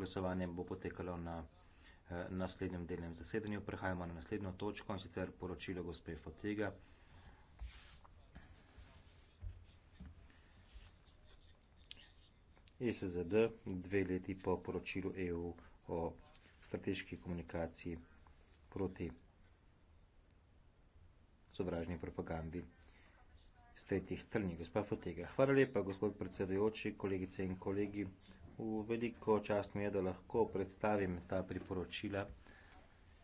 glasovanje bo potekalo na eh, naslednjem delnem zasedanju. Prehajamo na naslednjo točko in sicer poročilo gospe Fotega. ESZD dve leti po poročilu EU o strateški komunikaciji proti sovražni propagandi s tretjih strani. Gospa Fotega, hvala lepa, gospod predsedujoči, kolegice in kolegi. V veliko čast mi je, da lahko predstavim ta priporočila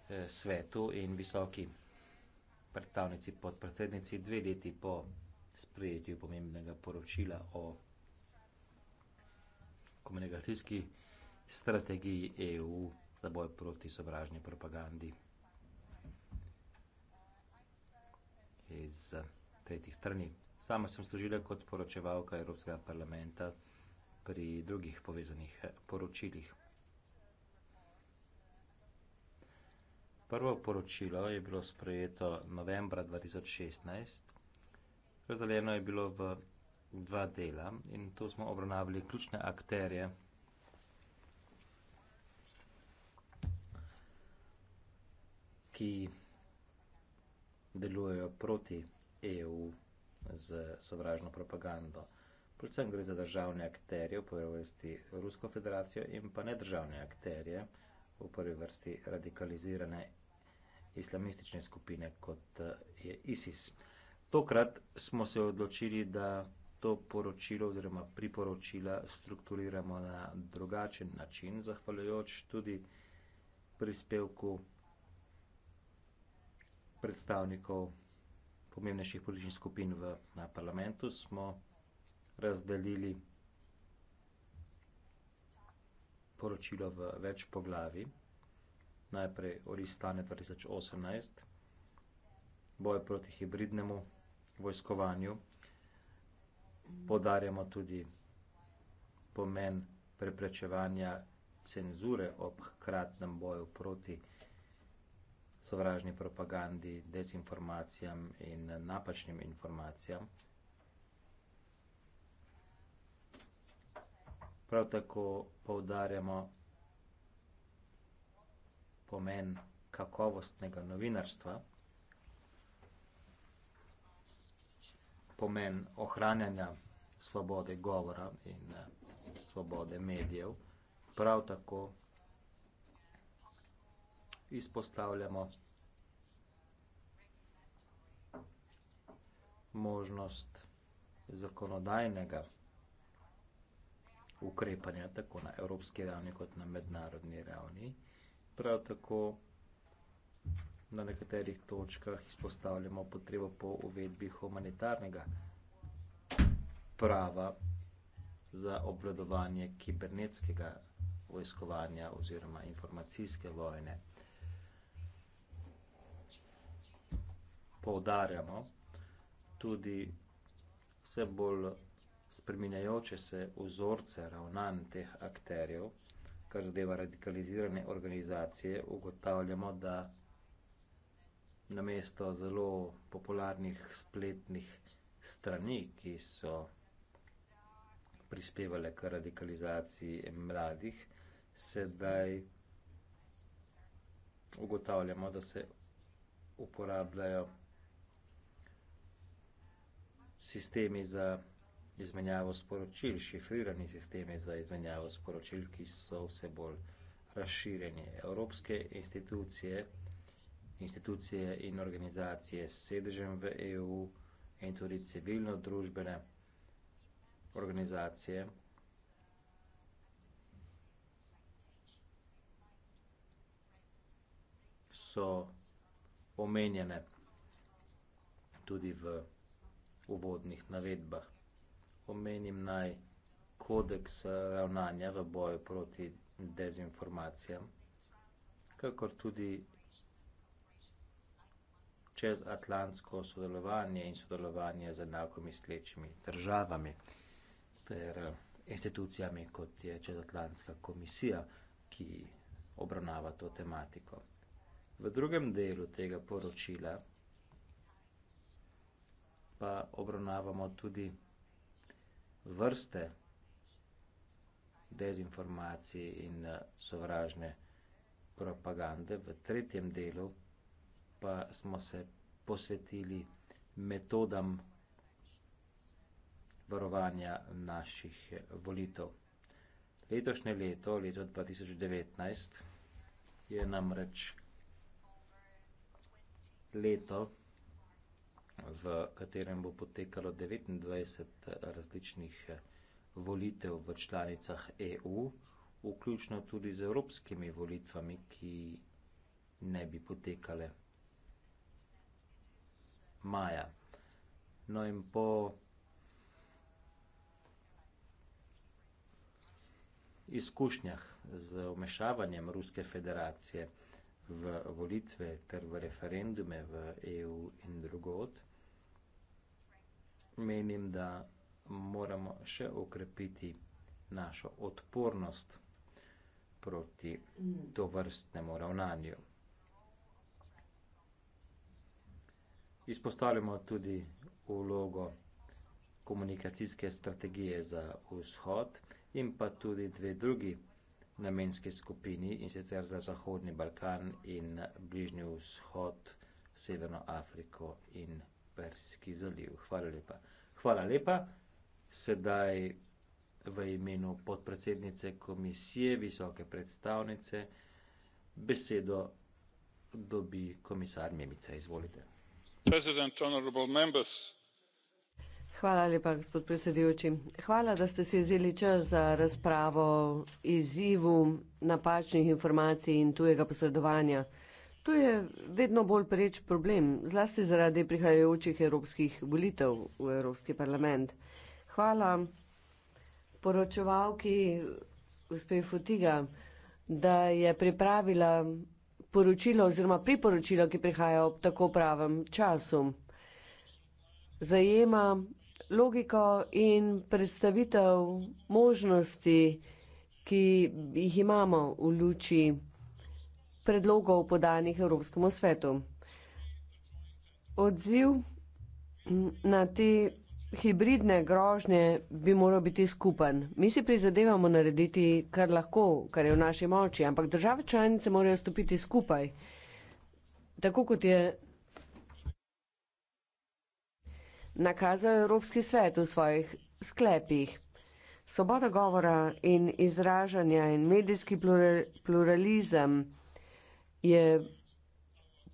eh, svetu in visoki predstavnici podpredsednici dve leti po sprejetju pomembnega poročila o komunikacijski strategiji EU za boj proti sovražni propagandi iz tretjih strani. Sama sem služila kot poročevalka Evropskega parlamenta pri drugih povezanih eh, poročilih. Prvo poročilo je bilo sprejeto novembra 2016. Razdeljeno je bilo v dva dela in tu smo obravnavali ključne akterje ki delujejo proti EU z sovražno propagando predvsem gre za državne akterje, v prvi vrsti Rusko federacijo in pa nedržavne akterje, v prvi vrsti radikalizirane islamistične skupine, kot je ISIS. Tokrat smo se odločili, da to poročilo oziroma priporočila strukturiramo na drugačen način, zahvaljujoč tudi prispevku predstavnikov pomembnejših političnih skupin v parlamentu, smo razdelili poročilo v več poglavi. Najprej oristane 2018, boj proti hibridnemu vojskovanju. Podarjamo tudi pomen preprečevanja cenzure ob hkratnem boju proti sovražni propagandi, dezinformacijam in napačnim informacijam. Prav tako poudarjamo pomen kakovostnega novinarstva, pomen ohranjanja svobode govora in eh, svobode medijev. Prav tako izpostavljamo možnost zakonodajnega ukrepanja, tako na evropski ravni kot na mednarodni ravni. Prav tako na nekaterih točkah izpostavljamo potrebo po uvedbi humanitarnega prava za obvladovanje kibernetskega vojskovanja oziroma informacijske vojne. Poudarjamo tudi vse bolj spreminjajoče se vzorce ravnanj teh akterjev, kar zadeva radikalizirane organizacije, ugotavljamo, da namesto zelo popularnih spletnih strani, ki so prispevale k radikalizaciji mladih, sedaj ugotavljamo, da se uporabljajo sistemi za izmenjavo sporočil, šifrirani sistemi za izmenjavo sporočil, ki so vse bolj razširjeni. Evropske institucije, institucije in organizacije s sedežem v EU in tudi civilno-družbene organizacije so omenjene tudi v uvodnih navedbah omenim naj kodeks eh, ravnanja v boju proti dezinformacijam, kakor tudi čez atlantsko sodelovanje in sodelovanje z enakomislečimi državami ter eh, institucijami, kot je Čezatlantska komisija, ki obravnava to tematiko. V drugem delu tega poročila pa obravnavamo tudi См————================================================================См vrste dezinformacij in eh, sovražne propagande. V tretjem delu pa smo se posvetili metodam varovanja naših eh, volitev. Letošnje leto, leto 2019, je namreč leto, katerem bo potekalo 29 eh, različnih eh, volitev v članicah EU, vključno tudi z evropskimi volitvami, ki ne bi potekale maja. No in po izkušnjah z omešavanjem Ruske federacije v volitve ter v referendume v EU in drugod, menim, da moramo še okrepiti našo odpornost proti tovrstnemu ravnanju. Izpostavljamo tudi vlogo komunikacijske strategije za vzhod in pa tudi dve drugi namenski skupini in sicer za Zahodni Balkan in Bližnji vzhod, Severno Afriko in Persijski zaliv. Hvala lepa. Hvala lepa. Sedaj v imenu podpredsednice komisije, visoke predstavnice, besedo dobi komisar Mimica. Izvolite. Hvala lepa, gospod predsedujoči. Hvala, da ste si vzeli čas za razpravo o izzivu napačnih informacij in tujega posredovanja. To je vedno bolj preč problem, zlasti zaradi prihajajočih evropskih volitev v Evropski parlament. Hvala poročevalki gospe Fotiga, da je pripravila poročilo oziroma priporočilo, ki prihaja ob tako pravem času. Zajema logiko in predstavitev možnosti, ki jih imamo v luči predlogov podanih Evropskemu svetu. Odziv na te hibridne grožnje bi moral biti skupen. Mi si prizadevamo narediti, kar lahko, kar je v naši moči, ampak države članice morajo stopiti skupaj. Tako kot je nakazal Evropski svet v svojih sklepih. Svoboda govora in izražanja in medijski pluralizem je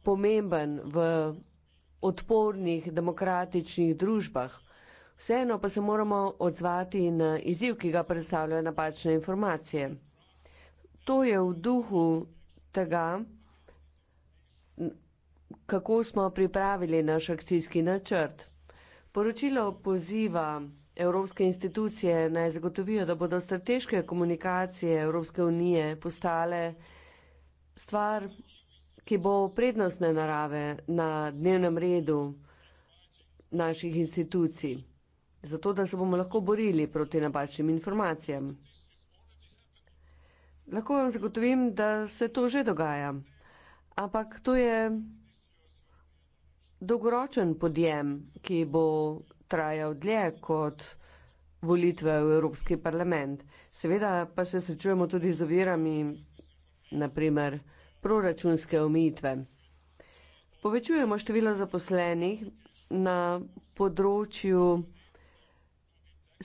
pomemben v odpornih demokratičnih družbah. Vseeno pa se moramo odzvati na izziv, ki ga predstavljajo napačne informacije. To je v duhu tega, kako smo pripravili naš akcijski načrt. Poročilo poziva Evropske institucije naj zagotovijo, da bodo strateške komunikacije Evropske unije postale stvar, ki bo prednostne narave na dnevnem redu naših institucij, zato da se bomo lahko borili proti napačnim informacijam. Lahko vam zagotovim, da se to že dogaja, ampak to je dolgoročen podjem, ki bo trajal dlje kot volitve v Evropski parlament. Seveda pa se srečujemo tudi z ovirami naprimer proračunske omejitve. Povečujemo število zaposlenih na področju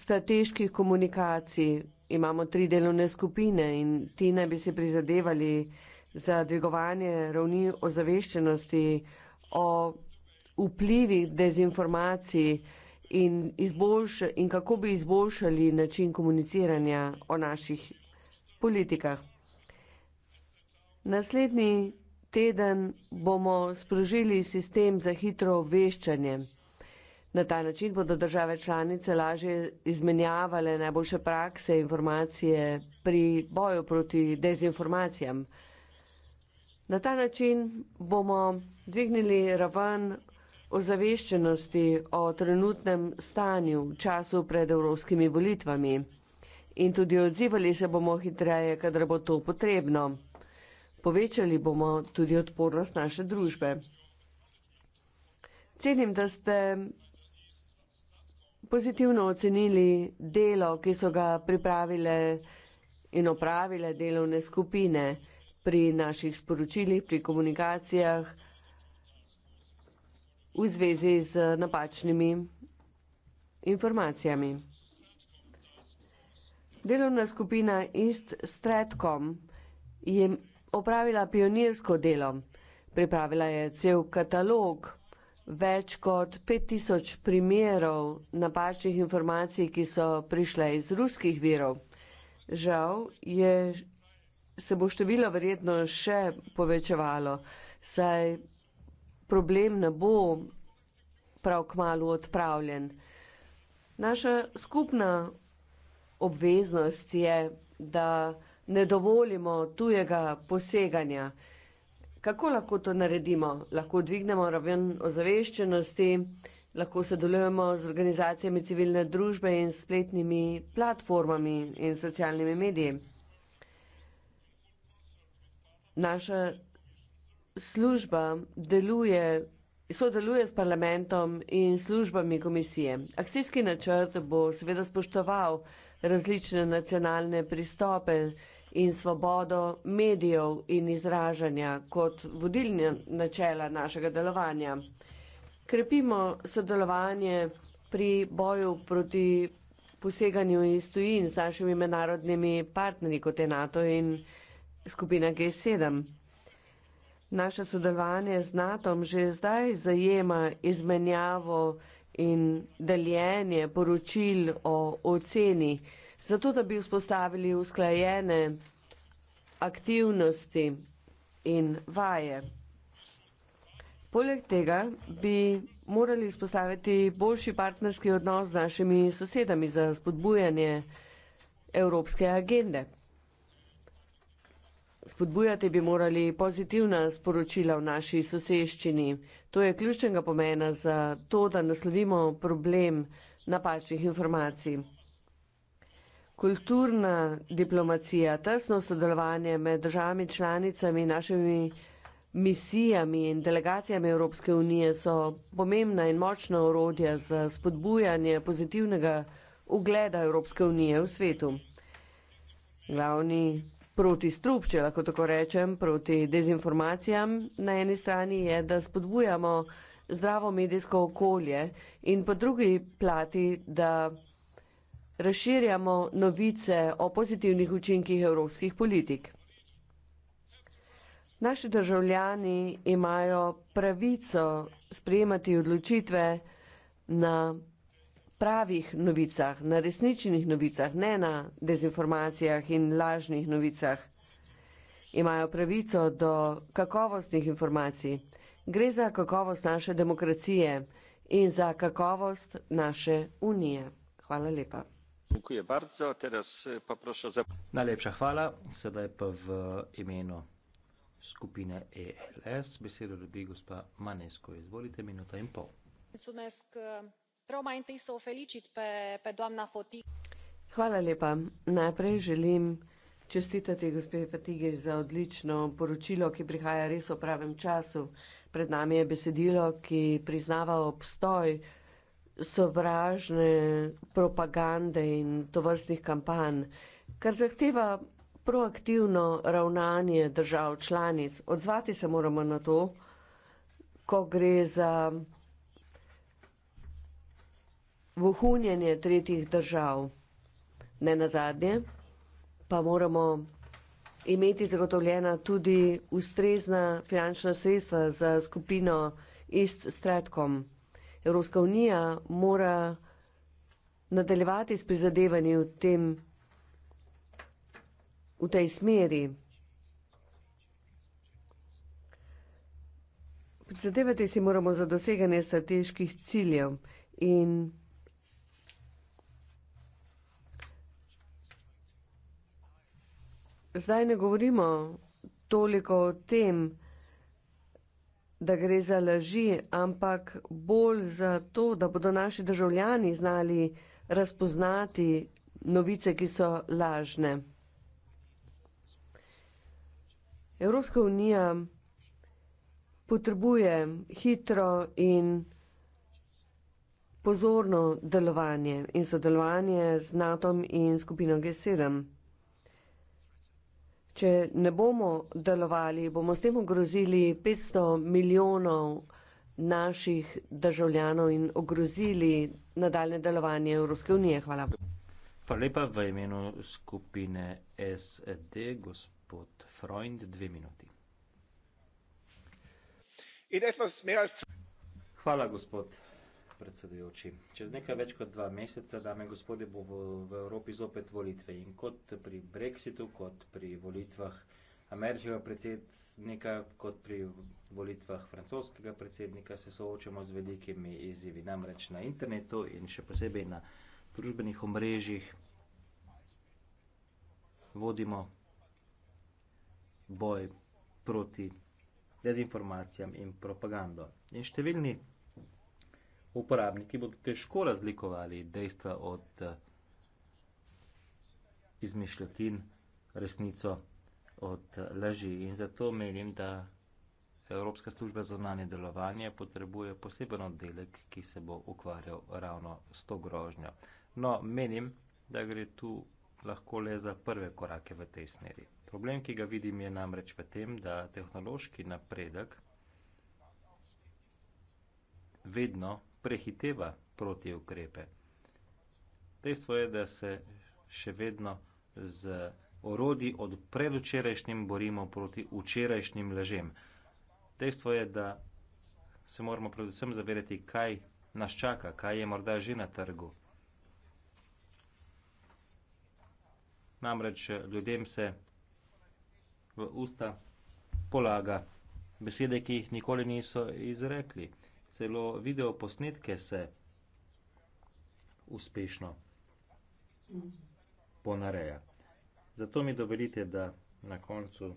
strateških komunikacij. Imamo tri delovne skupine in ti naj bi se prizadevali za dvigovanje ravni ozaveščenosti o vplivih dezinformacij in, izboljš, in kako bi izboljšali način komuniciranja o naših politikah. Naslednji teden bomo sprožili sistem za hitro obveščanje. Na ta način bodo države članice lažje izmenjavale najboljše prakse in informacije pri boju proti dezinformacijam. Na ta način bomo dvignili raven ozaveščenosti o trenutnem stanju v času pred evropskimi volitvami in tudi odzivali se bomo hitreje, kadar bo to potrebno. Povečali bomo tudi odpornost naše družbe. Cenim, da ste pozitivno ocenili delo, ki so ga pripravile in opravile delovne skupine pri naših sporočilih, pri komunikacijah v zvezi z napačnimi informacijami. Delovna skupina East Stratcom je opravila pionirsko delo. Pripravila je cel katalog, več kot 5000 primerov napačnih informacij, ki so prišle iz ruskih virov. Žal je, se bo število verjetno še povečevalo, saj problem ne bo prav kmalo odpravljen. Naša skupna obveznost je, da ne dovolimo tujega poseganja. Kako lahko to naredimo? Lahko dvignemo raven ozaveščenosti, lahko sodelujemo z organizacijami civilne družbe in spletnimi platformami in socialnimi mediji. Naša služba deluje, sodeluje s parlamentom in službami komisije. Akcijski načrt bo seveda spoštoval različne nacionalne pristope in svobodo medijev in izražanja kot vodilne načela našega delovanja. Krepimo sodelovanje pri boju proti poseganju iz tujin z našimi mednarodnimi partnerji kot je NATO in skupina G7. Naše sodelovanje z NATO že zdaj zajema izmenjavo in deljenje poročil o oceni, zato da bi vzpostavili usklajene aktivnosti in vaje. Poleg tega bi morali izpostaviti boljši partnerski odnos z našimi sosedami za spodbujanje evropske agende. Spodbujati bi morali pozitivna sporočila v naši soseščini. To je ključnega pomena za to, da naslovimo problem napačnih informacij kulturna diplomacija, tesno sodelovanje med državami članicami in našimi misijami in delegacijami Evropske unije so pomembna in močna orodja za spodbujanje pozitivnega ugleda Evropske unije v svetu. Glavni proti strup, če lahko tako rečem, proti dezinformacijam na eni strani je, da spodbujamo zdravo medijsko okolje in po drugi plati, da razširjamo novice o pozitivnih učinkih evropskih politik. Naši državljani imajo pravico sprejemati odločitve na pravih novicah, na resničnih novicah, ne na dezinformacijah in lažnih novicah. Imajo pravico do kakovostnih informacij. Gre za kakovost naše demokracije in za kakovost naše unije. Hvala lepa. Dziękuję bardzo. Teraz e, poproszę za... Najlepša hvala. Sedaj pa v imenu skupine ELS besedo dobi gospa Manesko. Izvolite, minuta in pol. Mulțumesc. Vreau mai întâi să o felicit pe, pe doamna Fotig. Hvala lepa. Najprej želim čestitati gospe Fatige za odlično poročilo, ki prihaja res v pravem času. Pred nami je besedilo, ki priznava obstoj sovražne propagande in tovrstnih kampanj, kar zahteva proaktivno ravnanje držav članic. Odzvati se moramo na to, ko gre za vohunjenje tretjih držav. Ne na zadnje, pa moramo imeti zagotovljena tudi ustrezna finančna sredstva za skupino East Stratcom. Evropska unija mora nadaljevati s prizadevanji v tem, v tej smeri. Prizadevati si moramo za doseganje strateških ciljev in zdaj ne govorimo toliko o tem, da gre za laži, ampak bolj za to, da bodo naši državljani znali razpoznati novice, ki so lažne. Evropska unija potrebuje hitro in pozorno delovanje in sodelovanje z NATO in skupino G7. Če ne bomo delovali, bomo s tem ogrozili 500 milijonov naših državljanov in ogrozili nadaljne delovanje Evropske unije. Hvala. Hvala lepa v imenu skupine SD, gospod Freund, dve minuti. Hvala, gospod predsedujoči. Čez nekaj več kot dva meseca, dame in gospode, bo v, v Evropi zopet volitve. In kot pri Brexitu, kot pri volitvah ameriškega predsednika, kot pri volitvah francoskega predsednika, se soočamo z velikimi izzivi. Namreč na internetu in še posebej na družbenih omrežjih vodimo boj proti dezinformacijam in propagando. In številni uporabniki bodo težko razlikovali dejstva od eh, izmišljotin, resnico od eh, laži. In zato menim, da Evropska služba za znanje delovanje potrebuje poseben oddelek, ki se bo ukvarjal ravno s to grožnjo. No, menim, da gre tu lahko le za prve korake v tej smeri. Problem, ki ga vidim, je namreč v tem, da tehnološki napredek vedno prehiteva proti ukrepe. Dejstvo je, da se še vedno z orodji od predvčerajšnjim borimo proti včerajšnjim ležem. Dejstvo je, da se moramo predvsem zaverjati, kaj nas čaka, kaj je morda že na trgu. Namreč ljudem se v usta polaga besede, ki jih nikoli niso izrekli celo video posnetke se uspešno ponareja. Zato mi dovolite, da na koncu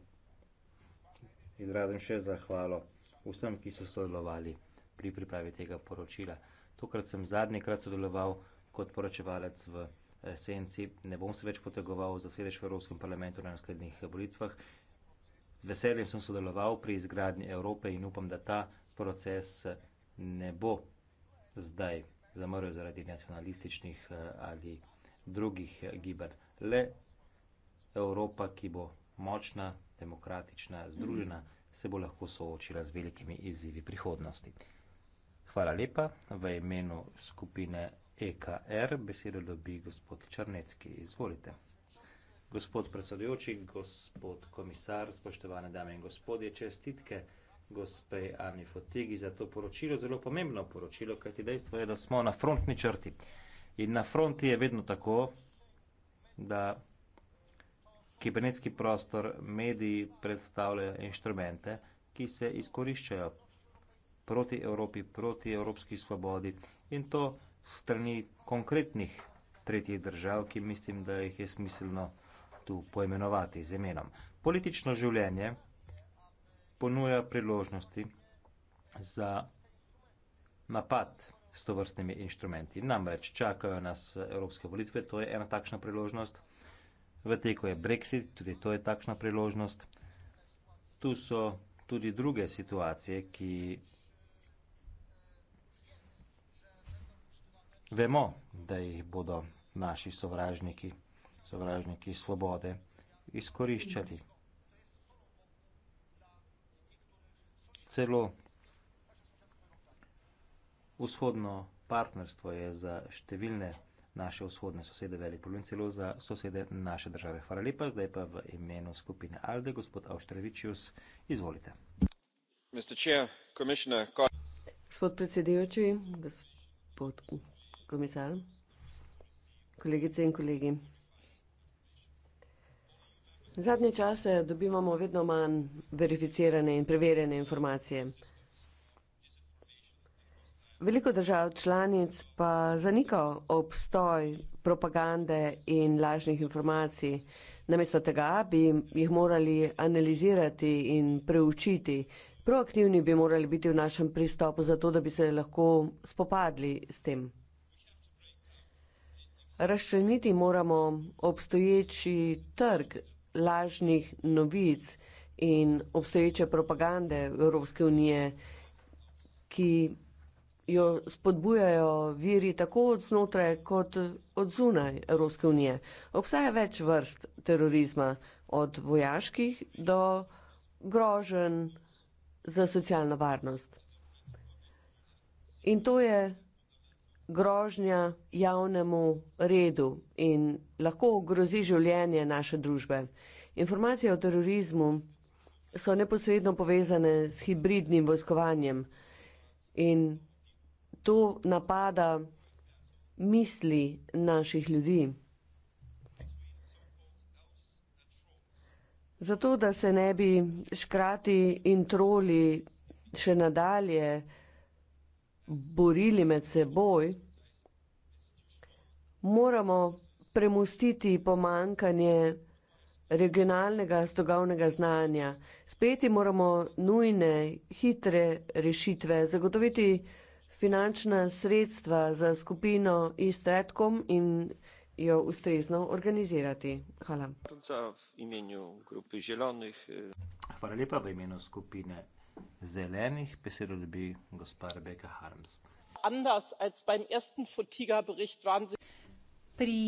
izrazim še zahvalo vsem, ki so sodelovali pri pripravi tega poročila. Tokrat sem zadnjikrat sodeloval kot poročevalec v eh, senci. Ne bom se več potegoval za sledeč v Evropskem parlamentu na naslednjih eh, volitvah. Z veseljem sem sodeloval pri izgradnji Evrope in upam, da ta proces izgleda. Eh, ne bo zdaj zamrl zaradi nacionalističnih eh, ali drugih eh, gibanj. Le Evropa, ki bo močna, demokratična, združena, se bo lahko soočila z velikimi izzivi prihodnosti. Hvala lepa. V imenu skupine EKR besedo dobi gospod Črnecki. Izvolite. Gospod predsedujoči, gospod komisar, spoštovane dame in gospodje, čestitke gospe Ani Fotigi za to poročilo, zelo pomembno poročilo, kajti dejstvo je, da smo na frontni črti. In na fronti je vedno tako, da kibernetski prostor, mediji predstavljajo inštrumente, ki se izkoriščajo proti Evropi, proti evropski svobodi in to strani konkretnih tretjih držav, ki mislim, da jih je smiselno tu poimenovati z imenom. Politično življenje ponuja priložnosti za napad s tovrstnimi inštrumenti. Namreč čakajo nas evropske volitve, to je ena takšna priložnost. V teku je Brexit, tudi to je takšna priložnost. Tu so tudi druge situacije, ki vemo, da jih bodo naši sovražniki, sovražniki svobode, izkoriščali. Mhm. celo vzhodno partnerstvo je za številne naše vzhodne sosede velik problem, celo za sosede naše države. Hvala lepa, zdaj pa v imenu skupine ALDE, gospod Avštrevičius, izvolite. Gospod predsedujoči, gospod komisar, kolegice in kolegi. Zadnje čase dobivamo vedno manj verificirane in preverjene informacije. Veliko držav članic pa zanika obstoj propagande in lažnih informacij. Namesto tega bi jih morali analizirati in preučiti. Proaktivni bi morali biti v našem pristopu, zato da bi se lahko spopadli s tem. Razčleniti moramo obstoječi trg lažnih novic in obstoječe propagande Evropske unije, ki jo spodbujajo viri tako od znotraj kot od zunaj Evropske unije. Obstaja več vrst terorizma, od vojaških do grožen za socialno varnost. In to je grožnja javnemu redu in lahko ogrozi življenje naše družbe. Informacije o terorizmu so neposredno povezane s hibridnim vojskovanjem in to napada misli naših ljudi. Zato, da se ne bi škrati in troli še nadalje, borili med seboj, moramo premustiti pomankanje regionalnega stogovnega znanja. Speti moramo nujne, hitre rešitve, zagotoviti finančna sredstva za skupino Istretkom in jo ustrezno organizirati. Hvala. Hvala lepa v imenu skupine zelenih besedo dobi gospa Rebeka Harms. Pri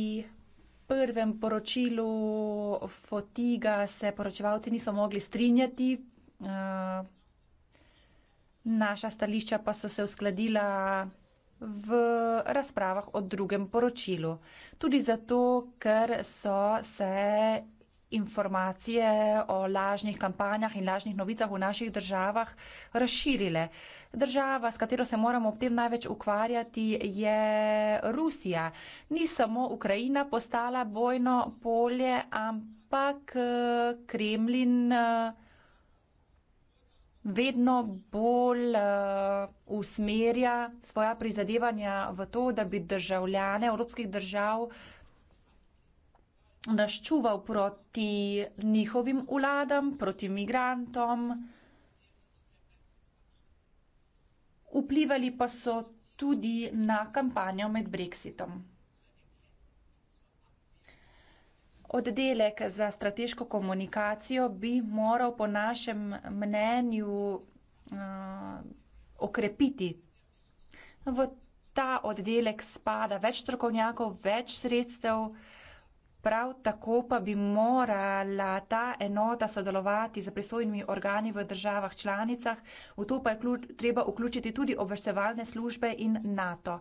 prvem poročilu Fotiga se poročevalci niso mogli strinjati. Eh, naša stališča pa so se uskladila v razpravah o drugem poročilu. Tudi zato, ker so se informacije o lažnih kampanjah in lažnih novicah v naših državah razširile. Država, s katero se moramo ob tem največ ukvarjati, je Rusija. Ni samo Ukrajina postala bojno polje, ampak Kremlin vedno bolj usmerja svoja prizadevanja v to, da bi državljane evropskih držav naščuval proti njihovim vladam, proti migrantom. Vplivali pa so tudi na kampanjo med Brexitom. Oddelek za strateško komunikacijo bi moral po našem mnenju uh, okrepiti. V ta oddelek spada več strokovnjakov, več sredstev. Uh, Prav tako pa bi morala ta enota sodelovati z pristojnimi organi v državah članicah, v to pa je vklju, treba vključiti tudi obveščevalne službe in NATO.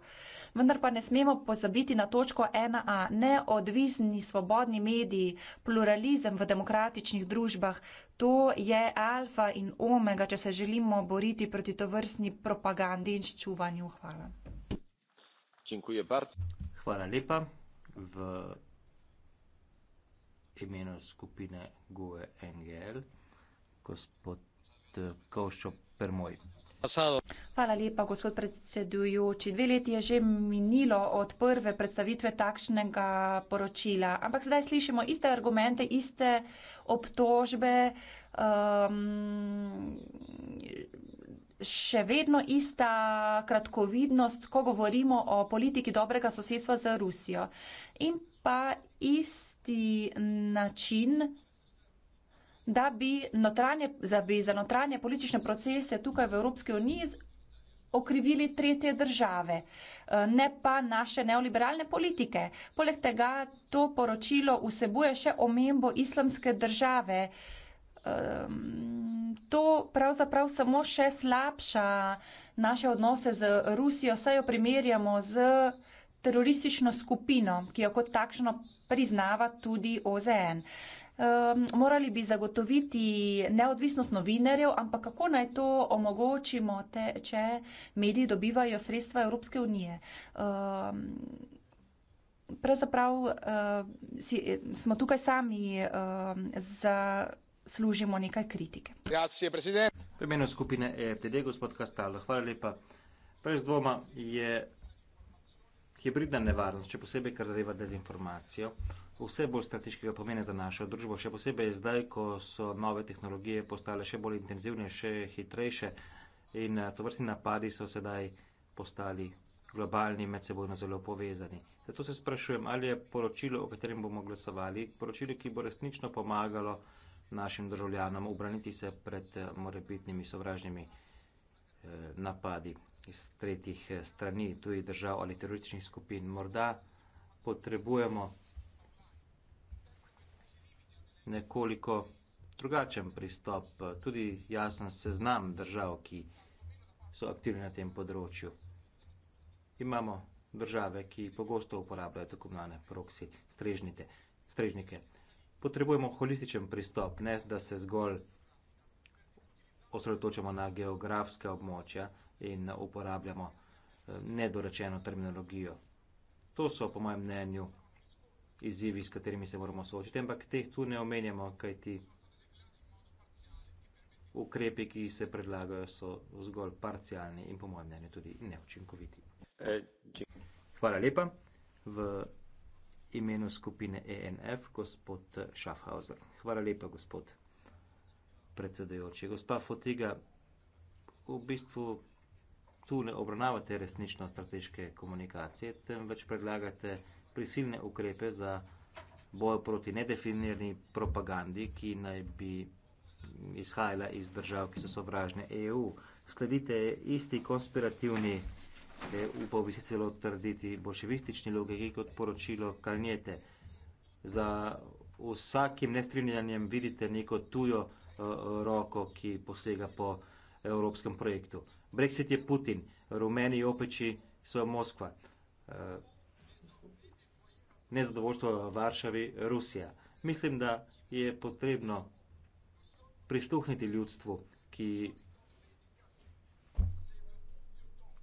Vendar pa ne smemo pozabiti na točko 1a. Neodvisni svobodni mediji, pluralizem v demokratičnih družbah, to je alfa in omega, če se želimo boriti proti tovrstni propagandi in ščuvanju. Hvala. Hvala lepa. V imenu skupine Gue NGL, gospod eh, Kovšo Permoj. Hvala lepa, gospod predsedujoči. Dve leti je že minilo od prve predstavitve takšnega poročila, ampak sedaj slišimo iste argumente, iste obtožbe, um, še vedno ista kratkovidnost, ko govorimo o politiki dobrega sosedstva z Rusijo. In pa isti način, da bi, notranje, da bi za notranje politične procese tukaj v Evropski uniji okrivili tretje države, eh, ne pa naše neoliberalne politike. Poleg tega to poročilo vsebuje še omembo islamske države. Ehm, to pravzaprav samo še slabša naše odnose z Rusijo, saj jo primerjamo z teroristično skupino, ki jo kot takšno priznava tudi OZN. Um, ehm, morali bi zagotoviti neodvisnost novinarjev, ampak kako naj to omogočimo, te, če mediji dobivajo sredstva Evropske unije? Um, Pravzaprav uh, si, smo tukaj sami uh, zaslužimo nekaj kritike. Grazie, predsednik. V imenu skupine EFTD, gospod Kastalo, hvala lepa. Prez dvoma je hibridna nevarnost, še posebej, ker zadeva dezinformacijo, vse bolj strateškega pomena za našo družbo, še posebej zdaj, ko so nove tehnologije postale še bolj intenzivne, še hitrejše in eh, to vrsti napadi so sedaj postali globalni, med sebojno zelo povezani. Zato se sprašujem, ali je poročilo, o katerem bomo glasovali, poročilo, ki bo resnično pomagalo našim državljanom obraniti se pred eh, morebitnimi sovražnimi eh, napadi iz tretjih eh, strani, tudi držav ali terorističnih skupin. Morda potrebujemo nekoliko drugačen pristop, eh, tudi jasen seznam držav, ki so aktivni na tem področju. Imamo države, ki pogosto uporabljajo tako imenovane proksi, strežnite, strežnike. Potrebujemo holističen pristop, ne da se zgolj osredotočamo na geografska območja, in uporabljamo eh, nedorečeno terminologijo. To so, po mojem mnenju, izzivi, s katerimi se moramo soočiti, ampak teh tu ne omenjamo, kaj ti ukrepi, ki se predlagajo, so zgolj parcialni in, po mojem mnenju, tudi neučinkoviti. Hvala lepa. V imenu skupine ENF, gospod Schaffhauser. Hvala lepa, gospod predsedujoči. Gospa Fotiga, v bistvu tu ne obravnavate resnično strateške komunikacije, temveč predlagate prisilne ukrepe za boj proti nedefinirani propagandi, ki naj bi izhajala iz držav, ki so sovražne EU. Sledite isti konspirativni, e, upal bi se celo trditi, boljševistični logiki kot poročilo Kalnjete. Za vsakim nestrinjanjem vidite neko tujo uh, roko, ki posega po evropskem projektu. Uh, Brexit je Putin, rumeni opeči so Moskva. Eh, nezadovoljstvo v Varšavi, Rusija. Mislim, da je potrebno prisluhniti ljudstvu, ki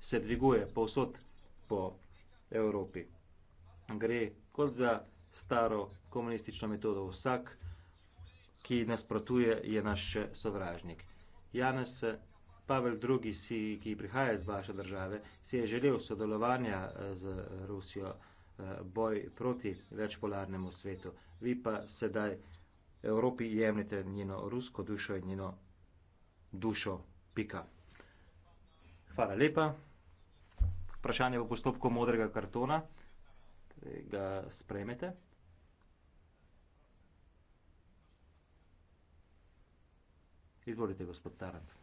se dviguje povsod po Evropi. Gre kot za staro komunistično metodo. Vsak, ki nasprotuje, je naš sovražnik. Janes Pavel II, si, ki prihaja iz vaše države, si je želel sodelovanja eh, z Rusijo, eh, boj proti večpolarnemu svetu. Vi pa sedaj Evropi jemljete njeno rusko dušo in njeno dušo pika. Hvala lepa. Vprašanje v postopku modrega kartona. Ga sprejmete. Izvolite, gospod Tarant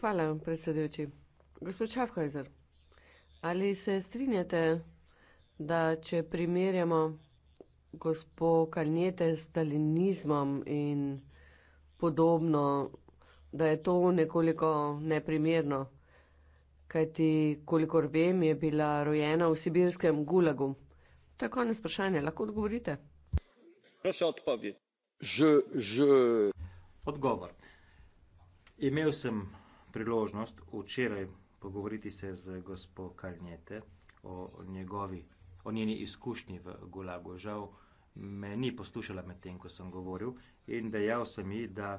hvala predsedujoči gospod schaffhauser ali se strinjate da če primerjamo gospo kalnjete s stalinizmom in podobno da je to nekoliko neprimerno kajti kolikor vem je bila rojena v sibirskem gulagu to je konec vprašanja lahko odgovorite Prosim, odpovedi. Že, že. Odgovor. Imel sem priložnost včeraj pogovoriti se z gospod Kaljnete o njegovi, o njeni izkušnji v Gulagu. Žal me ni poslušala med tem, ko sem govoril in dejal sem ji, da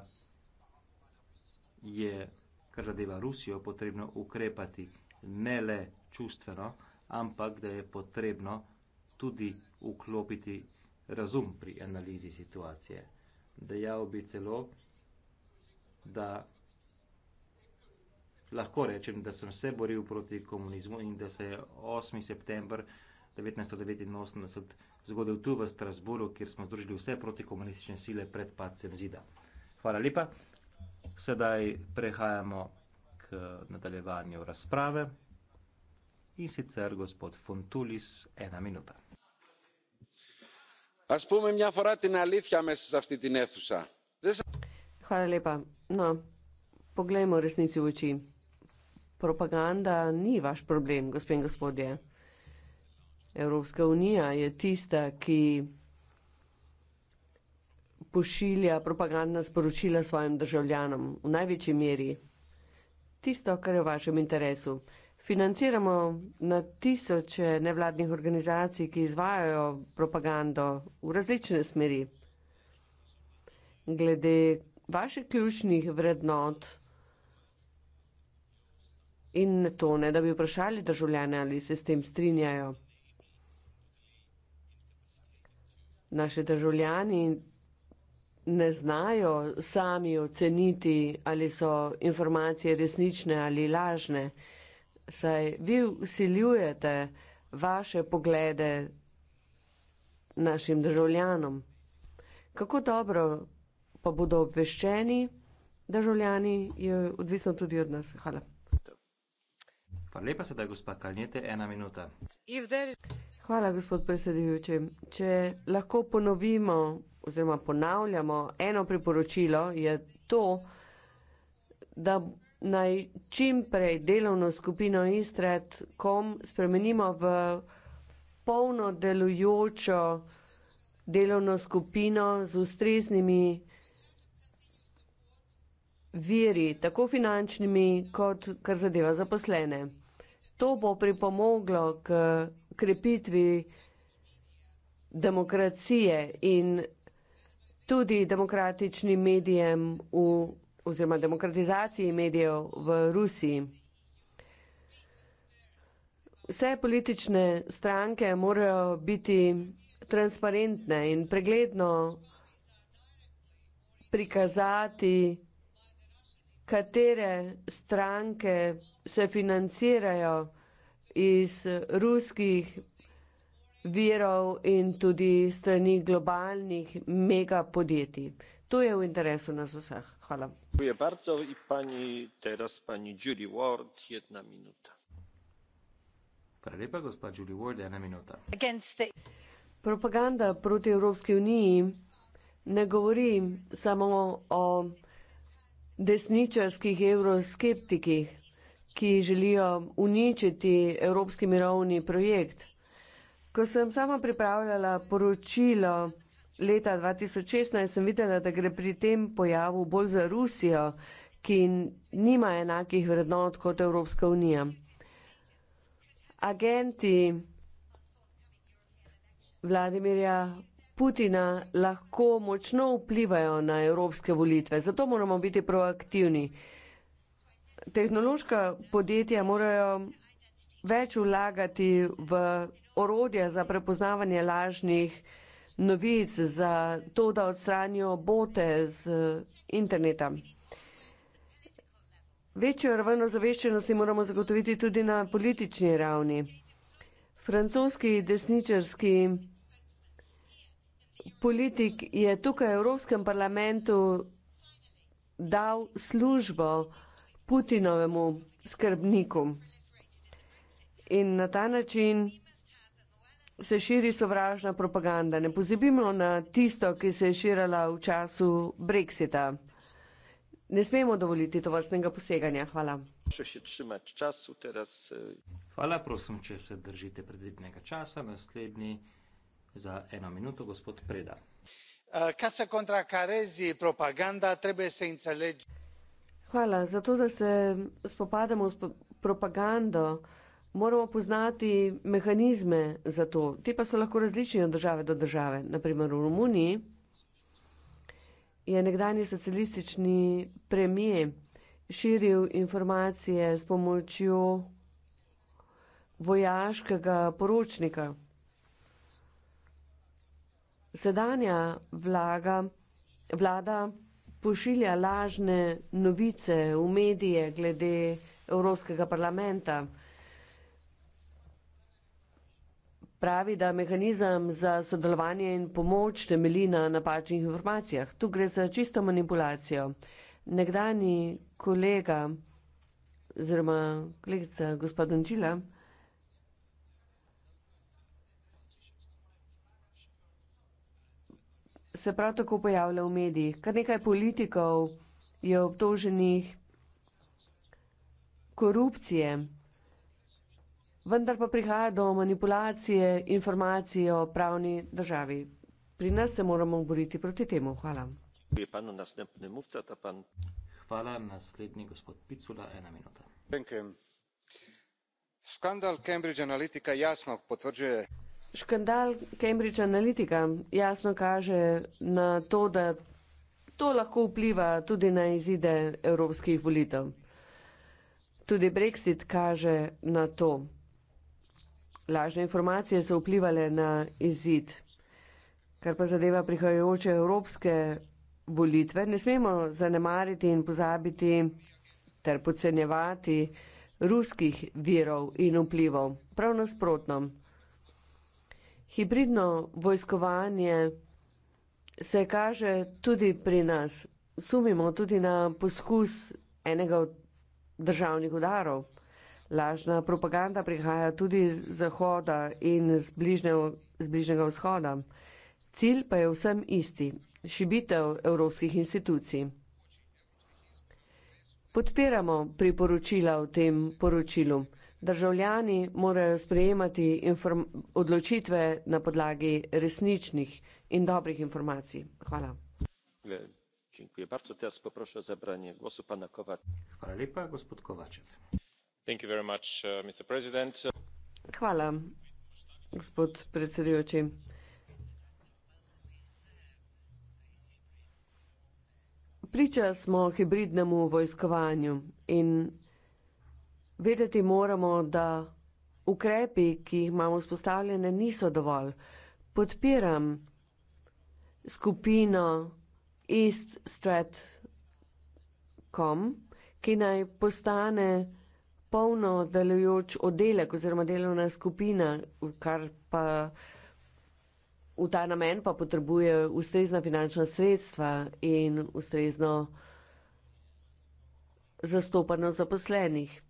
je, kar zadeva Rusijo, potrebno ukrepati ne le čustveno, ampak da je potrebno tudi uklopiti razum pri analizi situacije. Dejal bi celo, da lahko rečem, da sem se boril proti komunizmu in da se je 8. september 1989 zgodil tu v Strasburu, kjer smo združili vse protikomunistične sile pred padcem zida. Hvala lepa. Sedaj prehajamo k nadaljevanju razprave in sicer gospod Fontulis, ena minuta. Hvala lepa. No, poglejmo resnici v oči propaganda ni vaš problem, gospod in gospodje. Evropska unija je tista, ki pošilja propagandna sporočila svojim državljanom v največji meri. Tisto, kar je v vašem interesu. Financiramo na tisoče nevladnih organizacij, ki izvajajo propagando v različne smeri. Glede vaših ključnih vrednot, in ne to, ne, da bi vprašali državljane, ali se s tem strinjajo. Naši državljani ne znajo sami oceniti, ali so informacije resnične ali lažne, saj vi usiljujete vaše poglede našim državljanom. Kako dobro pa bodo obveščeni državljani, je odvisno tudi od nas. Hvala. Hvala lepa, sedaj gospa Kalnjete, ena minuta. There... Hvala, gospod predsedujoči. Če lahko ponovimo oziroma ponavljamo, eno priporočilo je to, da naj čimprej delovno skupino istred.com spremenimo v polno delujočo delovno skupino z ustreznimi viri, tako finančnimi, kot kar zadeva zaposlene to bo pripomoglo k krepitvi demokracije in tudi demokratičnim medijem v, oziroma demokratizaciji medijev v Rusiji. Vse politične stranke morajo biti transparentne in pregledno prikazati, katere stranke se financirajo iz ruskih virov in tudi strani globalnih mega podjetij. To je v interesu nas vseh. Hvala. Propaganda proti Evropski uniji ne govori samo o desničarskih evroskeptikih, ki želijo uničiti evropski mirovni projekt. Ko sem sama pripravljala poročilo leta 2016, sem videla, da gre pri tem pojavu bolj za Rusijo, ki nima enakih vrednot kot Evropska unija. Agenti Vladimirja Putina lahko močno vplivajo na evropske volitve, zato moramo biti proaktivni tehnološka podjetja morajo več vlagati v orodja za prepoznavanje lažnih novic, za to, da odstranijo bote z interneta. Večjo raven ozaveščenosti moramo zagotoviti tudi na politični ravni. Francoski desničarski politik je tukaj v Evropskem parlamentu dal službo, Putinovemu skrbniku. In na ta način se širi sovražna propaganda. Ne pozabimo na tisto, ki se je širila v času Brexita. Ne smemo dovoliti to vrstnega poseganja. Hvala. Eh. Hvala, prosim, če se držite predvidnega časa. Naslednji za eno minuto, gospod Preda. Kaj eh, se kontrakarezi propaganda, treba se inceleči. Hvala. Zato, da se spopadamo s propagando, moramo poznati mehanizme za to. Ti pa so lahko različni od države do države. Naprimer v Romuniji je nekdani socialistični premije širil informacije s pomočjo vojaškega poročnika. Sedanja vlaga, vlada pošilja lažne novice v medije glede Evropskega parlamenta. Pravi, da mehanizem za sodelovanje in pomoč temelji na napačnih informacijah. Tu gre za čisto manipulacijo. Nekdani kolega, oziroma kolegica gospod Dončila, se prav tako pojavlja v medijih. Kar nekaj politikov je obtoženih korupcije, vendar pa prihaja do manipulacije informacij o pravni državi. Pri nas se moramo boriti proti temu. Hvala. Hvala, naslednji gospod Picula, ena minuta. Skandal Cambridge Analytica jasno potvrđuje. Škandal Cambridge Analytica jasno kaže na to, da to lahko vpliva tudi na izide evropskih volitev. Tudi Brexit kaže na to. Lažne informacije so vplivali na izid. Kar pa zadeva prihajajoče evropske volitve, ne smemo zanemariti in pozabiti ter podcenjevati ruskih virov in vplivov. Prav nasprotno. Hibridno vojskovanje se kaže tudi pri nas. Sumimo tudi na poskus enega od državnih udarov. Lažna propaganda prihaja tudi iz Zahoda in z, bližnjo, z bližnjega vzhoda. Cilj pa je vsem isti - šibitev evropskih institucij. Podpiramo priporočila v tem poročilu. Državljani morajo sprejemati inform, odločitve na podlagi resničnih in dobrih informacij. Hvala. Dziękuję bardzo. Teraz poproszę o zabranie głosu pana Kowaczewa. Hvala lepa, gospod Kovačev. Thank you very much, uh, Mr. President. Hvala, gospod predsedujoči. Priča smo hibridnemu vojskovanju in Vedeti moramo, da ukrepi, ki jih imamo vzpostavljene, niso dovolj. Podpiram skupino eaststrat.com, ki naj postane polno delujoč oddelek oziroma delovna skupina, kar pa v ta namen pa potrebuje ustrezna finančna sredstva in ustrezno zastopanost zaposlenih. Za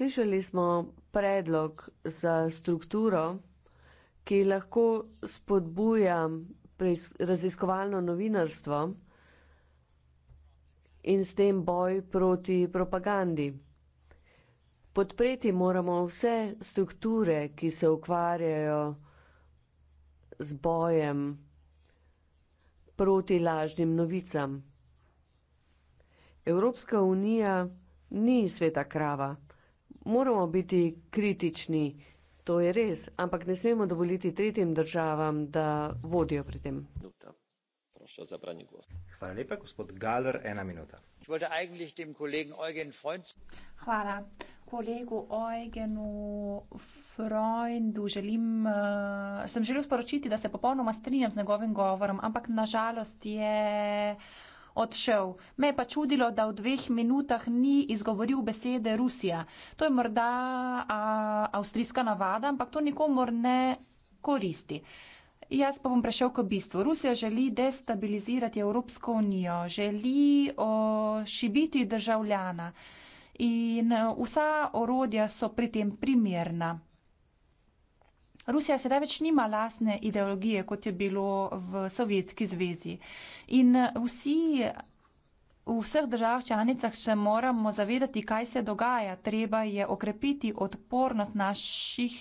Slišali smo predlog za strukturo, ki lahko spodbuja raziskovalno novinarstvo in s tem boj proti propagandi. Podpreti moramo vse strukture, ki se ukvarjajo z bojem proti lažnim novicam. Evropska unija ni sveta krava moramo biti kritični, to je res, ampak ne smemo dovoliti tretjim državam, da vodijo pri tem. Hvala lepa, gospod Galer, ena minuta. Hvala. Kolegu Eugenu Freundu želim, eh, sem želel sporočiti, da se popolnoma strinjam z njegovim govorom, ampak nažalost je odšel. Me je pa čudilo, da v dveh minutah ni izgovoril besede Rusija. To je morda a, avstrijska navada, ampak to nikomor ne koristi. Jaz pa bom prešel k bistvu. Rusija želi destabilizirati Evropsko unijo, želi o, šibiti državljana in vsa orodja so pri tem primerna. Rusija sedaj več nima lastne ideologije, kot je bilo v Sovjetski zvezi. In vsi v vseh državah članicah se moramo zavedati, kaj se dogaja. Treba je okrepiti odpornost naših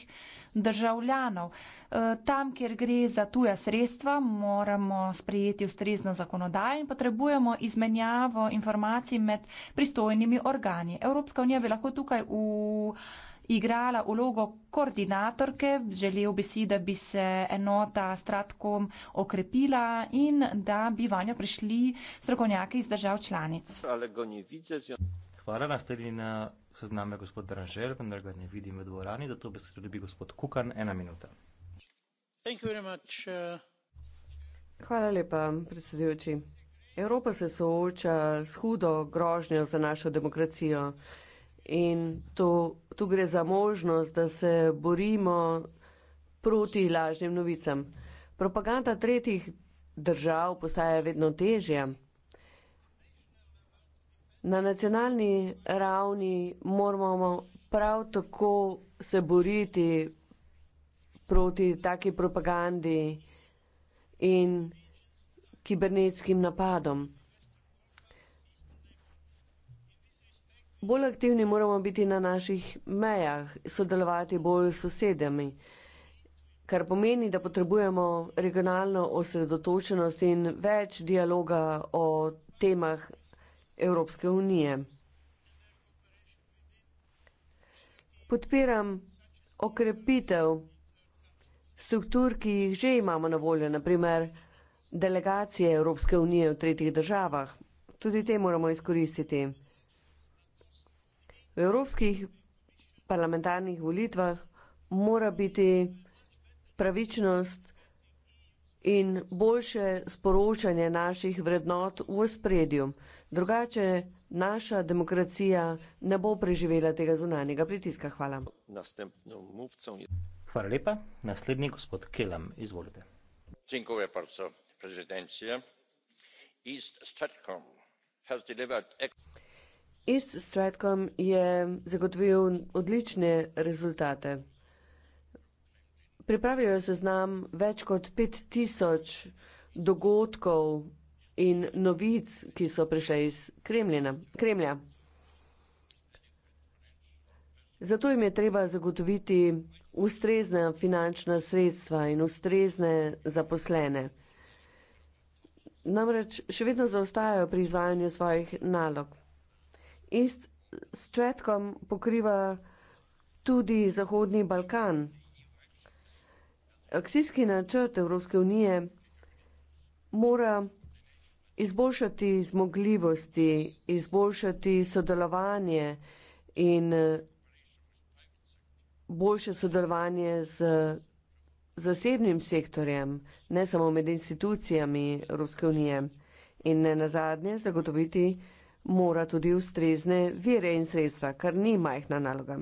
državljanov. E, tam, kjer gre za tuja sredstva, moramo sprejeti ustrezno zakonodajo in potrebujemo izmenjavo informacij med pristojnimi organi. Evropska unija bi lahko tukaj v igrala vlogo koordinatorke. Želel bi si, da bi se enota s Stratkom okrepila in da bi vanjo prišli strokovnjaki iz držav članic. Hvala, nastavili na sezname gospod Dražel, vendar ga ne vidim v dvorani, zato bi se dobil gospod Kukan, ena minuta. Uh, Hvala lepa, predsedujoči. Evropa se sooča s hudo grožnjo za našo demokracijo. In to, tu gre za možnost, da se borimo proti lažnim novicam. Propaganda tretjih držav postaja vedno težja. Na nacionalni ravni moramo prav tako se boriti proti taki propagandi in kibernetskim napadom. Bolj aktivni moramo biti na naših mejah, sodelovati bolj s sosedami, kar pomeni, da potrebujemo regionalno osredotočenost in več dialoga o temah Evropske unije. Podpiram okrepitev struktur, ki jih že imamo na voljo, naprimer delegacije Evropske unije v tretjih državah. Tudi te moramo izkoristiti evropskih parlamentarnih volitvah mora biti pravičnost in boljše sporočanje naših vrednot v ospredju. Drugače naša demokracija ne bo preživela tega zunanjega pritiska. Hvala. Hvala lepa. Naslednji gospod Kelam, izvolite. Predsednica, iz Stockholma. East Stratcom je zagotovil odlične rezultate. Pripravijo se znam več kot 5000 dogodkov in novic, ki so prišle iz Kremljena, Kremlja. Zato jim je treba zagotoviti ustrezna finančna sredstva in ustrezne zaposlene. Namreč še vedno zaostajajo pri izvajanju svojih nalog. East Stratcom pokriva tudi Zahodni Balkan. Akcijski načrt Evropske unije mora izboljšati zmogljivosti, izboljšati sodelovanje in boljše sodelovanje z zasebnim sektorjem, ne samo med institucijami Evropske unije in ne nazadnje zagotoviti mora tudi ustrezne vire in sredstva, kar ni majhna naloga.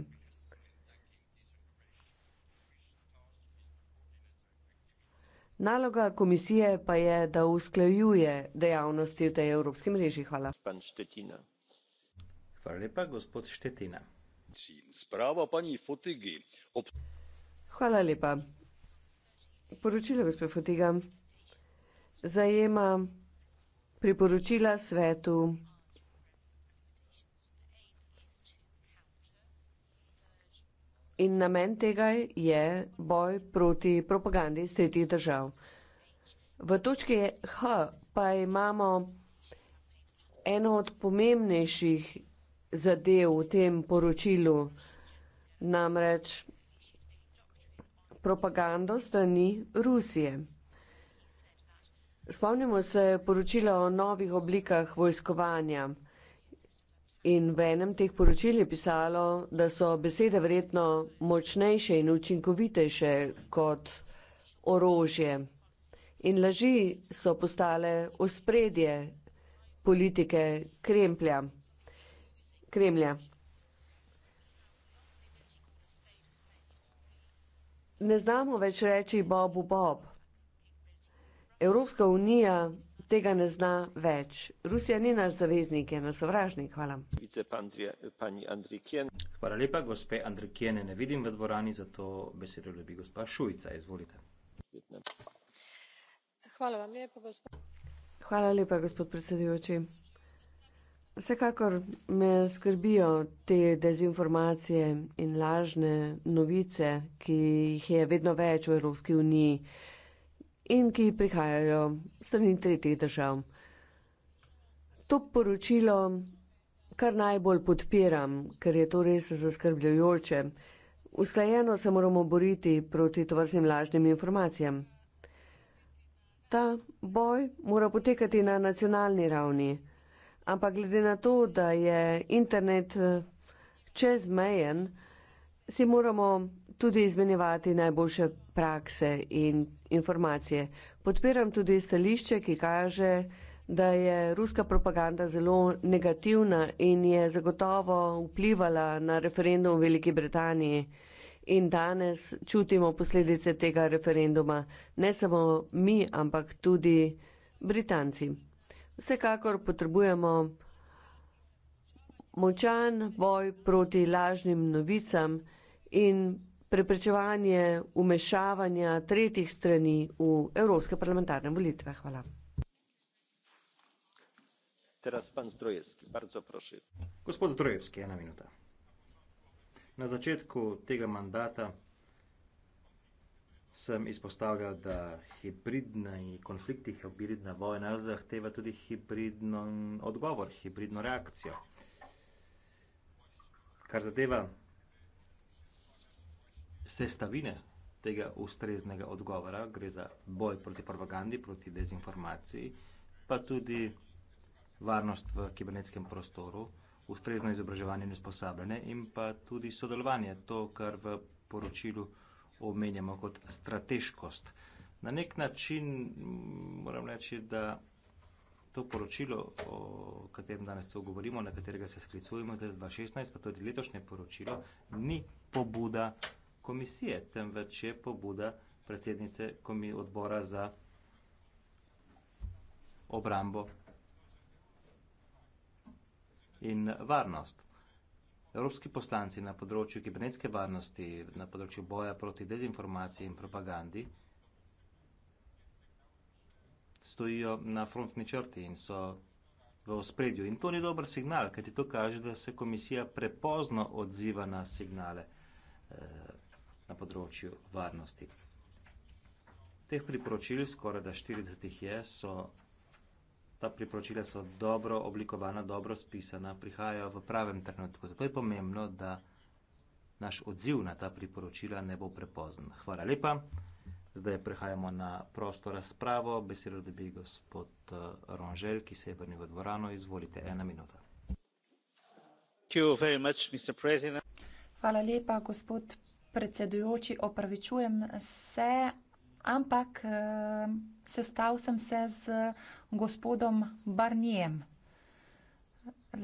Naloga komisije pa je, da usklajuje dejavnosti v tej evropski mreži. Hvala. Hvala lepa, gospod Štetina. Sprava, pani Fotigi. Ob... Hvala lepa. Poročilo, gospod Fotiga, zajema priporočila svetu In namen tega je boj proti propagandi iz tretjih držav. V točki H pa imamo eno od pomembnejših zadev v tem poročilu, namreč propagando strani Rusije. Spomnimo se poročila o novih oblikah vojskovanja. In v enem teh poročil je pisalo, da so besede verjetno močnejše in učinkovitejše kot orožje. In laži so postale ospredje politike Kremlja. Kremlja. Ne znamo več reči Bobu Bob. Evropska unija tega ne zna več. Rusija ni naš zaveznik, je naš sovražnik. Hvala. Hvala lepa, gospe Andrikjene. Ne vidim v dvorani, zato besedo ljubi gospa Šujica. Izvolite. Hvala vam lepa, gospod. Hvala lepa, gospod predsedujoči. Vsekakor me skrbijo te dezinformacije in lažne novice, ki jih je vedno več v Evropski uniji in ki prihajajo strani tretjih držav. To poročilo kar najbolj podpiram, ker je to res zaskrbljujoče. Usklajeno se moramo boriti proti tovrstnim lažnim informacijam. Ta boj mora potekati na nacionalni ravni, ampak glede na to, da je internet eh, čezmejen, si moramo tudi izmenjevati najboljše prakse in informacije. Podpiram tudi stališče, ki kaže, da je ruska propaganda zelo negativna in je zagotovo vplivala na referendum v Veliki Britaniji. In danes čutimo posledice tega referenduma, ne samo mi, ampak tudi Britanci. Vsekakor potrebujemo močan boj proti lažnim novicam in preprečevanje umešavanja tretjih strani v evropske parlamentarne volitve. Hvala. Teraz pan Zdrojevski, bardzo proszę. Gospod Zdrojevski, ena minuta. Na začetku tega mandata sem izpostavljal, da hibridni konflikti, hibridna vojna zahteva tudi hibridno odgovor, hibridno reakcijo. Kar zadeva sestavine tega ustreznega odgovora, gre za boj proti propagandi, proti dezinformaciji, pa tudi varnost v kibernetskem prostoru, ustrezno izobraževanje in usposabljanje in pa tudi sodelovanje, to, kar v poročilu omenjamo kot strateškost. Na nek način mm, moram reči, da to poročilo, o katerem danes to govorimo, na katerega se sklicujemo, da je 2016, pa tudi letošnje poročilo, ni pobuda komisije, temveč je pobuda predsednice odbora za obrambo in varnost. Evropski poslanci na področju kibernetske varnosti, na področju boja proti dezinformaciji in propagandi stojijo na frontni črti in so v ospredju. In to ni dober signal, kajti to kaže, da se komisija prepozno odziva na signale eh, področju varnosti. Teh priporočil, skoraj da 40 jih je, so, ta priporočila so dobro oblikovana, dobro spisana, prihajajo v pravem trenutku. Zato je pomembno, da naš odziv na ta priporočila ne bo prepozen. Hvala lepa. Zdaj prehajamo na prosto razpravo. Besedo dobi gospod eh, Ronžel, ki se je vrnil v dvorano. Izvolite, ena minuta. Hvala lepa, gospod predsedujoči, opravičujem se, ampak uh, sestal sem se z gospodom Barnijem.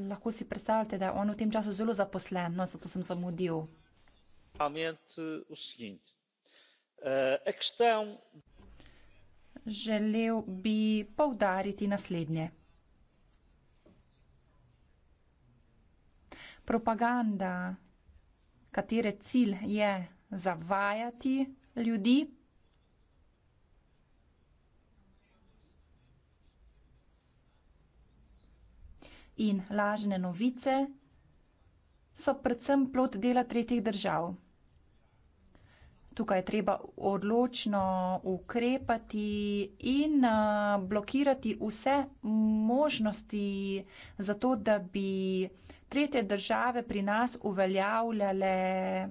Lahko si predstavljate, da je on v tem času zelo zaposlen, no, zato sem zamudil. Želel bi poudariti naslednje. Propaganda katere cilj je zavajati ljudi. In lažne novice so predvsem plot dela tretjih držav. Tukaj je treba odločno ukrepati in blokirati vse možnosti za to, da bi tretje države pri nas uveljavljale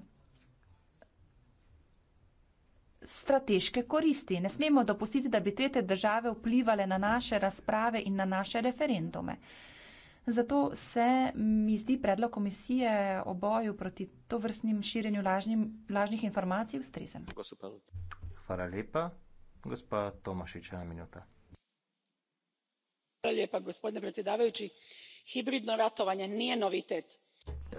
strateške koristi. Ne smemo dopustiti, da bi tretje države vplivale na naše razprave in na naše referendume. Zato se mi zdi predlog komisije o boju proti to vrstnim širjenju lažnim, lažnih informacij ustrezen. Hvala lepa. Gospa Tomašič, ena minuta. Hvala lepa, gospodine predsedavajući hibridno ratovanje nije novitet.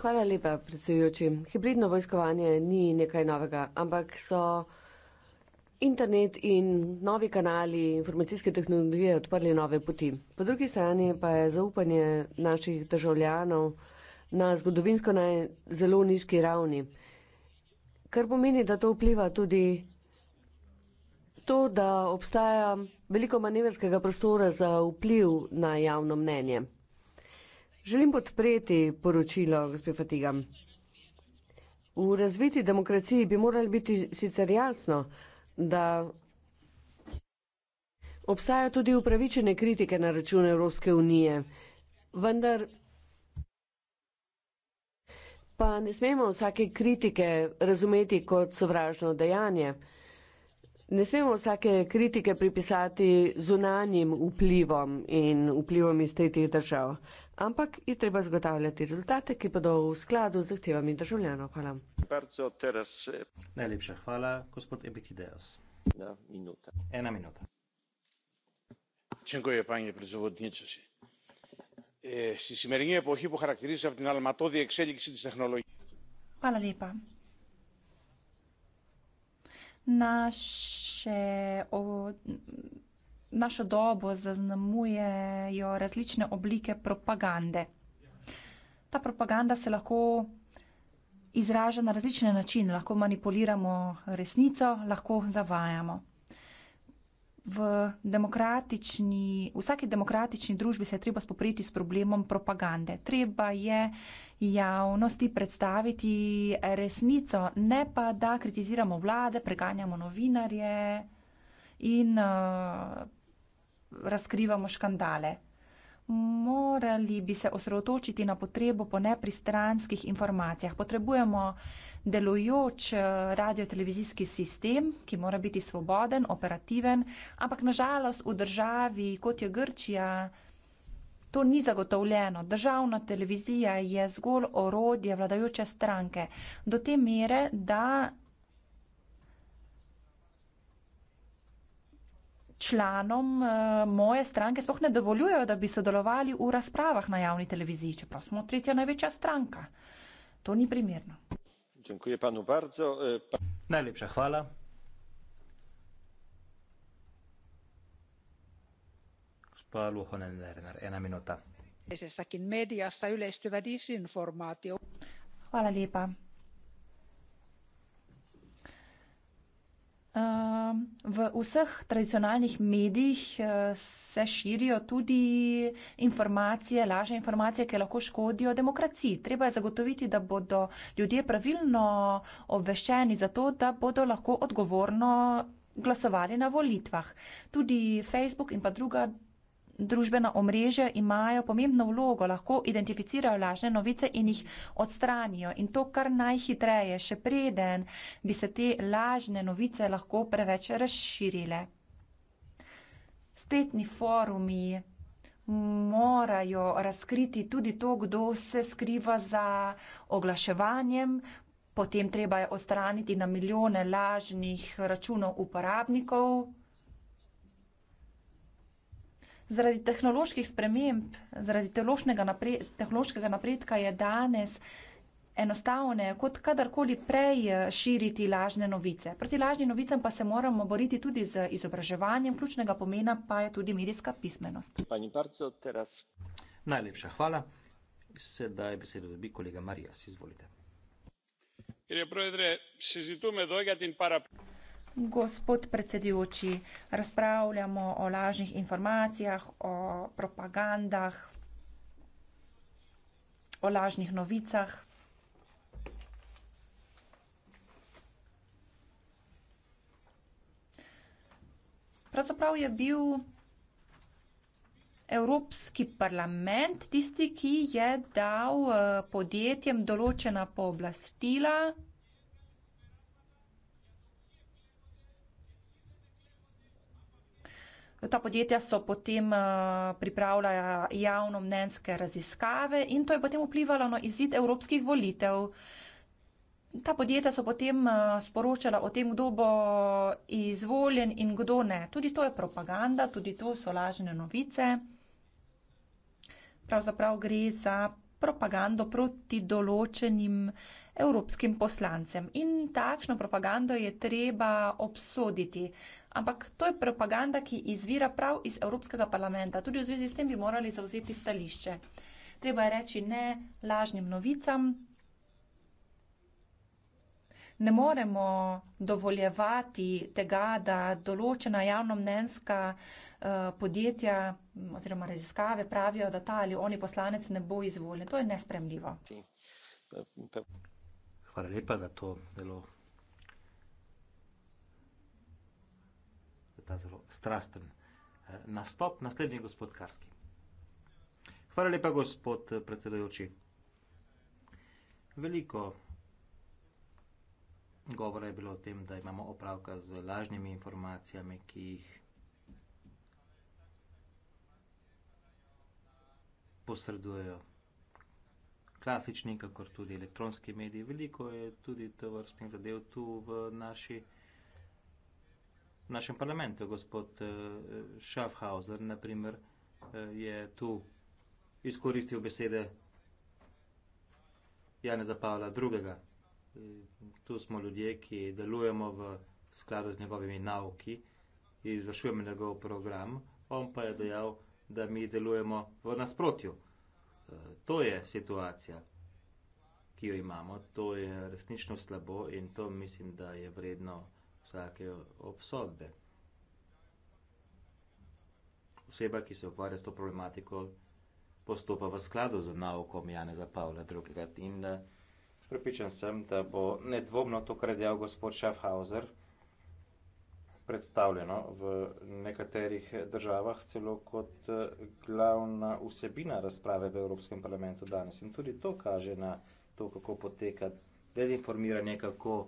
Hvala lepa, predsedujoči. Hibridno vojskovanje ni nekaj novega, ampak so internet in novi kanali informacijske tehnologije odprli nove poti. Po drugi strani pa je zaupanje naših državljanov na zgodovinsko naj zelo nizki ravni, kar pomeni, da to vpliva tudi to, da obstaja veliko manevrskega prostora za vpliv na javno mnenje. Želim podpreti poročilo, gospod Fatiga. V razviti demokraciji bi morali biti sicer jasno, da obstajajo tudi upravičene kritike na račun Evropske unije, vendar pa ne smemo vsake kritike razumeti kot sovražno dejanje. Ne smemo vsake kritike pripisati zunanjim vplivom in vplivom iz tretjih držav ampak je treba zagotavljati rezultate, ki bodo v skladu z zahtevami državljanov. Hvala. Eh, Najlepša hvala, gospod Epitideos. Minuta. Ena minuta. Čengoje, panje predsedovodnica. Hvala lepa. Naše našo dobo zaznamujejo različne oblike propagande. Ta propaganda se lahko izraža na različne načine, lahko manipuliramo resnico, lahko zavajamo. V demokratični, vsaki demokratični družbi se je treba spopriti s problemom propagande. Treba je javnosti predstaviti resnico, ne pa da kritiziramo vlade, preganjamo novinarje in uh, razkrivamo škandale. Morali bi se osredotočiti na potrebo po nepristranskih informacijah. Potrebujemo delujoč eh, radio-televizijski sistem, ki mora biti svoboden, operativen, ampak nažalost v državi, kot je Grčija, to ni zagotovljeno. Državna televizija je zgolj orodje vladajoče stranke do te mere, da članom moje stranke sploh ne dovoljujejo, da bi sodelovali v razpravah na javni televiziji, čeprav smo tretja največja stranka. To ni primerno. Dziękuję panu bardzo. Pa... Najlepša hvala. Gospa Luhonen Lerner, ena minuta. Hvala lepa. Ehm, v vseh tradicionalnih medijih eh, se širijo tudi informacije, laže informacije, ki lahko škodijo demokraciji. Treba je zagotoviti, da bodo ljudje pravilno obveščeni za to, da bodo lahko odgovorno glasovali na volitvah. Tudi Facebook in pa druga Družbena omrežja imajo pomembno vlogo, lahko identificirajo lažne novice in jih odstranijo. In to kar najhitreje, še preden bi se te lažne novice lahko preveč razširile. Spletni forumi morajo razkriti tudi to, kdo se skriva za oglaševanjem. Potem treba je ostraniti na milijone lažnih računov uporabnikov. Zaradi tehnoloških sprememb, zaradi tehnološkega napredka je danes enostavne kot kadarkoli prej eh, širiti lažne novice. Proti lažnim novicam pa se moramo boriti tudi z izobraževanjem, ključnega pomena pa je tudi medijska pismenost. Parco, Najlepša hvala. Sedaj besedo dobi kolega Marijas, izvolite. Ker je projedre, se zitume dojgati in para. Gospod predsedujoči, razpravljamo o lažnih informacijah, o propagandah, o lažnih novicah. Pravzaprav je bil Evropski parlament tisti, ki je dal eh, podjetjem določena pooblastila. Ta podjetja so potem eh, pripravila javno mnenjske raziskave in to je potem vplivalo na izid evropskih volitev. Ta podjetja so potem eh, sporočala o tem, kdo bo izvoljen in kdo ne. Tudi to je propaganda, tudi to so lažne novice. Pravzaprav gre za propagando proti določenim evropskim poslancem. In takšno propagando je treba obsoditi. Ampak to je propaganda, ki izvira prav iz Evropskega parlamenta. Tudi v zvezi s tem bi morali zauzeti stališče. Treba je reči ne lažnim novicam. Ne moremo dovoljevati tega, da določena javnomnenska eh, podjetja oziroma raziskave pravijo, da ta ali oni poslanec ne bo izvoljen. To je nespremljivo. Hvala lepa za to zelo ta zelo strasten eh, nastop. Naslednji gospod Karski. Hvala lepa, gospod eh, predsedojoči. Veliko govora je bilo o tem, da imamo opravka z lažnimi informacijami, ki jih posredujejo klasični, kakor tudi elektronski mediji. Veliko je tudi to vrstnih zadev tu v naši državi v našem parlamentu. Gospod eh, Schaffhauser, naprimer, eh, je tu izkoristil besede Janeza Pavla II. Tu smo ljudje, ki delujemo v skladu z njegovimi nauki in izvršujemo njegov program. On pa je dejal, da mi delujemo v nasprotju. Eh, to je situacija, ki jo imamo, to je resnično slabo in to mislim, da je vredno vsake obsodbe. Oseba, ki se ukvarja s to problematiko, postopa v skladu z naukom Janeza Pavla II. In eh, pripričan sem, da bo nedvomno to, kar je dejal gospod Schaffhauser, predstavljeno v nekaterih državah celo kot eh, glavna vsebina razprave v Evropskem parlamentu danes. In tudi to kaže na to, kako poteka dezinformiranje, kako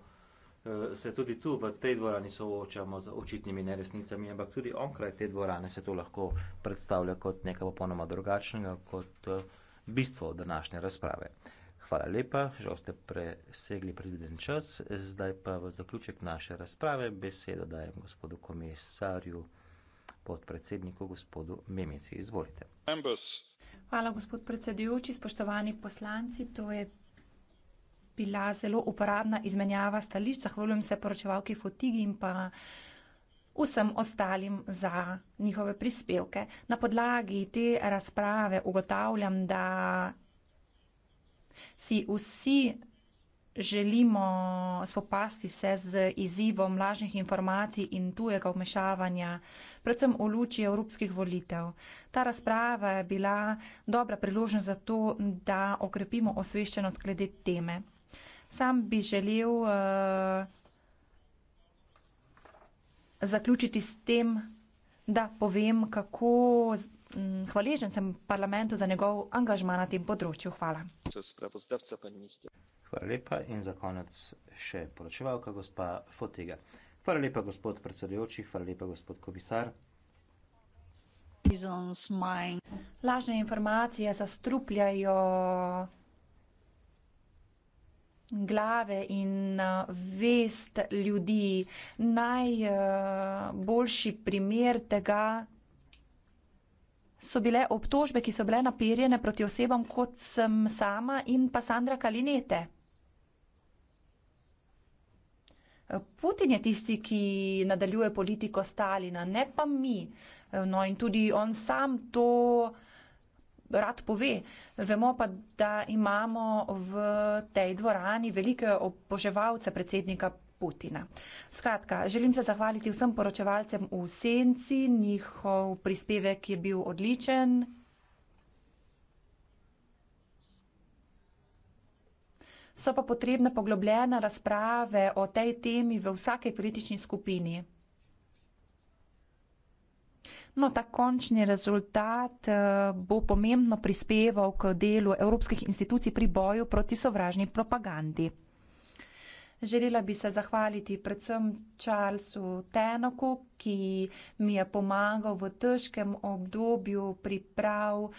Eh, se tudi tu v tej dvorani soočamo z očitnimi neresnicami, ampak tudi onkraj te dvorane se to lahko predstavlja kot nekaj popolnoma drugačnega, kot eh, bistvo današnje razprave. Hvala lepa, žal ste presegli predviden čas. Zdaj pa v zaključek naše razprave besedo dajem gospodu komisarju, podpredsedniku gospodu Memici. Izvolite. Hvala, gospod predsedujoči, spoštovani poslanci. To je bila zelo uporabna izmenjava stališč, zahvaljujem se poročevalki Fotigi in pa vsem ostalim za njihove prispevke. Na podlagi te razprave ugotavljam, da si vsi želimo spopasti se z izzivom lažnih informacij in tujega vmešavanja, predvsem v luči evropskih volitev. Ta razprava je bila dobra priložnost za to, da okrepimo osveščenost glede teme. Sam bi želel uh, zaključiti s tem, da povem, kako hvaležen sem parlamentu za njegov angažma na tem področju. Hvala. Hvala lepa in za konec še poročevalka gospa Fotega. Hvala lepa gospod predsedujoči, hvala lepa gospod komisar. Lažne informacije zastrupljajo glave in uh, vest ljudi. Najboljši uh, primer tega so bile obtožbe, ki so bile napirjene proti osebam, kot sem sama in pa Sandra Kalinete. Putin je tisti, ki nadaljuje politiko Stalina, ne pa mi. No in tudi on sam to rad pove. Vemo pa, da imamo v tej dvorani velike oboževalce predsednika. Putina. Skratka, želim se zahvaliti vsem poročevalcem v senci, njihov prispevek je bil odličen. So pa potrebne poglobljene razprave o tej temi v vsaki politični skupini. No, ta končni rezultat eh, bo pomembno prispeval k delu evropskih institucij pri boju proti sovražni propagandi. Želela bi se zahvaliti predvsem Charlesu Tenoku, ki mi je pomagal v težkem obdobju priprav eh,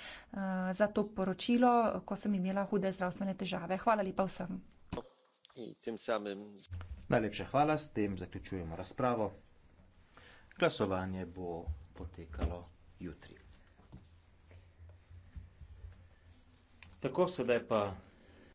za to poročilo, ko sem imela hude zdravstvene težave. Hvala lepa vsem. Najlepša hvala, s tem zaključujemo razpravo. Glasovanje bo potekalo jutri. Tako sedaj pa